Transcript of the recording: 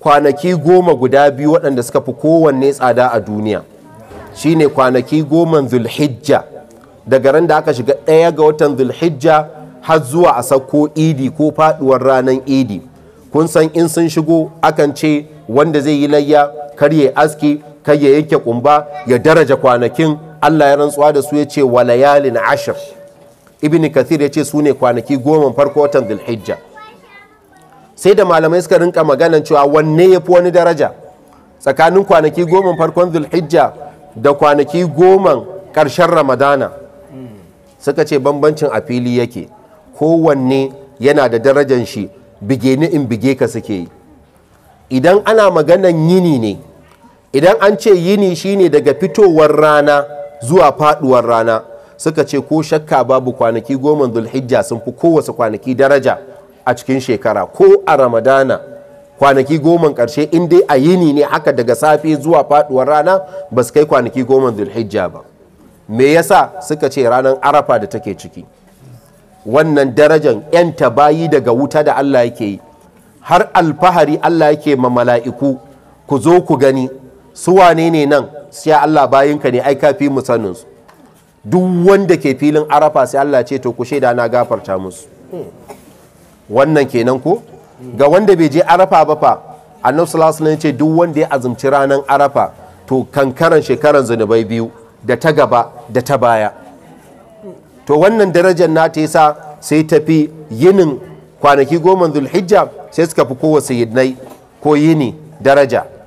kwanaki goma guda biyu waɗanda suka fi kowanne tsada a duniya shine kwanaki goman zulhijja daga ran da aka shiga ɗaya ga watan zulhijja har zuwa a sauko idi ko faɗuwar ranar idi kun san in sun shigo akan ce wanda zai yi layya kar ya aski kar ya yake kumba ya daraja kwanakin Allah ya rantsuwa da su ya ce walayalin ashir ibn kathir ya ce su ne kwanaki goma farko watan zulhijja sai da malamai suka rinka magana cewa wanne ya fi wani daraja tsakanin kwanaki goma farkon zulhijja da kwanaki goma ƙarshen ramadana suka ce bambancin a fili yake kowanne yana da darajan shi bige ni in bige ka suke yi idan ana maganan yini ne idan an ce yini shine daga fitowar rana zuwa faduwar rana suka ce ko shakka babu kwanaki goma zulhijja sun fi kowace kwanaki daraja a cikin shekara ko a ramadana kwanaki goman karshe in dai a yini ne haka daga safe zuwa faduwar rana ba su kai kwanaki goman zulhijja ba me yasa suka ce ranar arafa da take ciki wannan darajan 'yan bayi daga wuta da allah yake yi har alfahari allah yake ma mala'iku ku zo ku gani su wane ne nan sai allah bayinka ne ai kafi mu saninsu duk wanda ke filin arafa sai allah ce to ku shaida na gafarta musu wannan kenan ko ga wanda bai je arafa ba fa annabi sallallahu alaihi ce duk wanda ya azumci ranar arafa to kankaran shekaran zunubai biyu da ta gaba da ta baya to wannan darajar na ta yasa sai tafi yinin kwanaki goma zulhijja sai suka fi kowa sayyidnai ko yini daraja